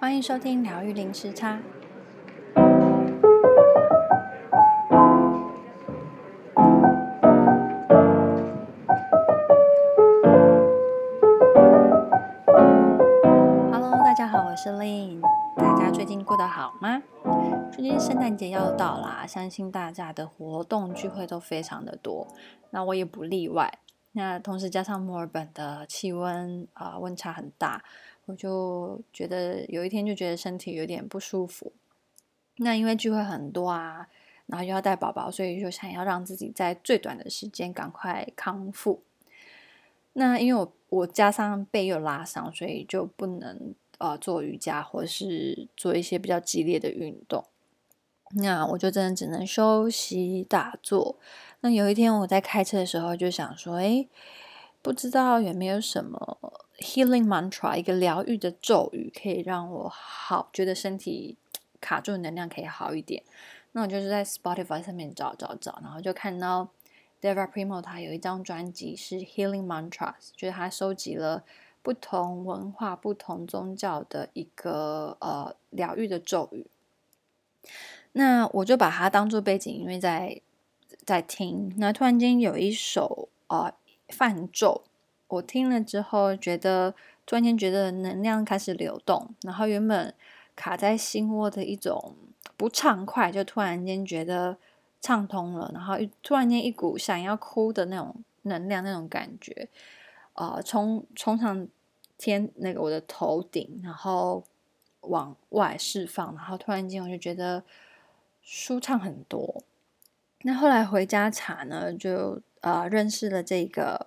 歡迎收聽療癒零時差。Hello，大家好，我是 Lynn。大家最近過得好嗎？最近聖誕節要到了，相信大家的活動聚會都非常的多，那我也不例外。那同時加上墨爾本的氣溫啊，溫差很大。我就覺得有一天就覺得身體有點不舒服，那因為聚會很多啊，然後又要帶寶寶，所以就想要讓自己在最短的時間趕快康復。那因為我我加上背又拉傷，所以就不能呃做瑜伽或是做一些比較激烈的運動。那我就真的只能休息打坐。那有一天我在開車的時候就想說，哎，不知道有沒有什麼。Healing Mantra，一個療癒的咒語，可以讓我好覺得身體卡住能量可以好一點。那我就是在 Spotify 上面找找找，然後就看到 Deva Premal 他有一張專輯是 Healing Mantras，就是他收集了不同文化、不同宗教的一個呃療癒的咒語。那我就把它當做背景音樂在在聽，那突然間有一首呃梵咒。我聽了之後，覺得突然間覺得能量開始流動，然後原本卡在心窩的一種不暢快，就突然間覺得暢通了，然後突然間一股想要哭的那種能量、那種感覺，啊、呃，衝衝上天那個我的頭頂，然後往外釋放，然後突然間我就覺得舒暢很多。那後來回家查呢，就啊、呃，認識了這個。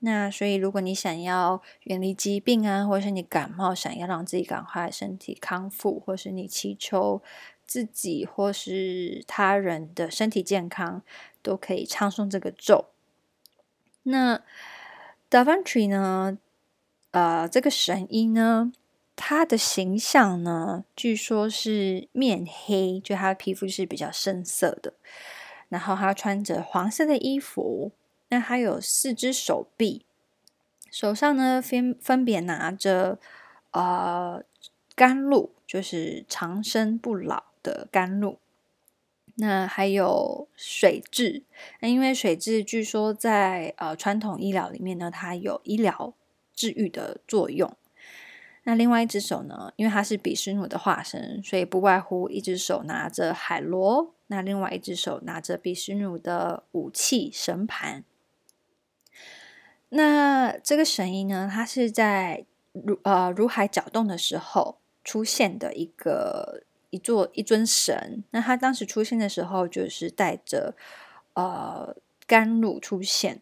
那所以，如果你想要遠離疾病啊，或是你感冒，想要讓自己趕快身體康復，或是你祈求自己或是他人的身體健康，都可以唱誦這個咒。那 Dhavantari 呢？呃，這個神醫呢，他的形象呢，據說是面黑，就他的皮膚是比較深色的，然後他穿着黃色的衣服。那還有四隻手臂，手上呢，分分別拿着呃甘露，就是長生不老的甘露。那還有水蛭，那因為水蛭據說在呃傳統醫療裡面呢，它有醫療治癒的作用。那另外一隻手呢，因為它是比濕努的化身，所以不外乎一隻手拿着海螺，那另外一隻手拿着比濕努的武器神盤。那這個神醫呢，他是在乳呃乳海攪動的時候出現的一個一座一尊神。那他當時出現的時候，就是帶着呃甘露出現。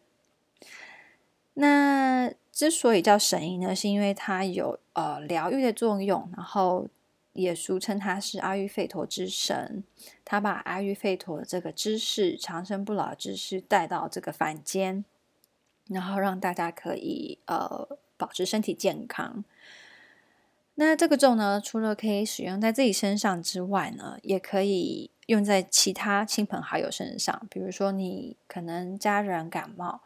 那之所以叫神醫呢，是因為他有呃療癒的作用，然後也俗稱他是阿育吠陀之神。他把阿育吠陀的這個知識、長生不老的知識帶到這個凡間。然後讓大家可以呃保持身體健康。那這個咒呢，除了可以使用在自己身上之外呢，也可以用在其他親朋好友身上。比如說，你可能家人感冒，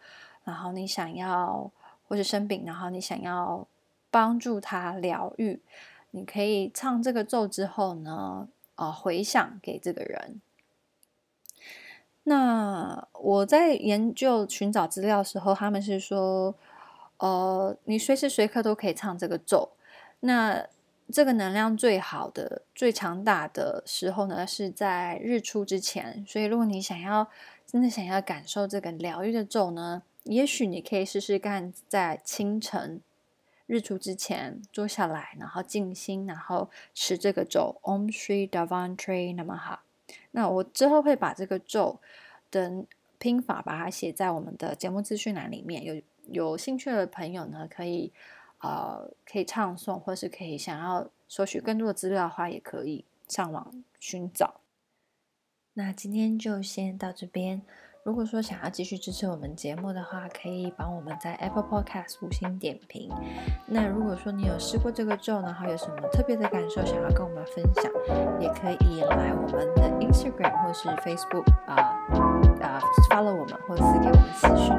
然後你想要，或者生病，然後你想要幫助他療癒，你可以唱這個咒之後呢，呃，迴向給這個人。那我在研究尋找資料的時候，他們是說，呃，你隨時隨刻都可以唱這個咒。那這個能量最好的、最強大的時候呢，是在日出之前。所以，如果你想要真的想要感受這個療癒的咒呢，也許你可以試試看在清晨日出之前坐下來，然後靜心，然後持這個咒 Om Shri Dhavantre Namaha。那我之後會把這個咒的拼法把它寫在我們的節目資訊欄裡面，有有興趣的朋友呢，可以呃可以唱誦，或是可以想要索取更多的資料的話，也可以上網尋找。那今天就先到這邊。如果說想要繼續支持我們節目的話，可以幫我們在 Apple Podcast 五星點評。那如果說你有試過這個咒，然後有什麼特別的感受想要跟我們分享，也可以來我們的 Instagram 或是 Facebook 啊、呃、啊、呃，follow 我們或是給我們私訊。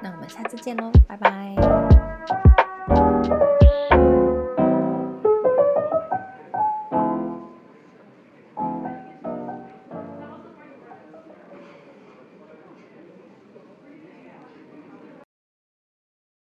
那我們下次見嘍，拜拜。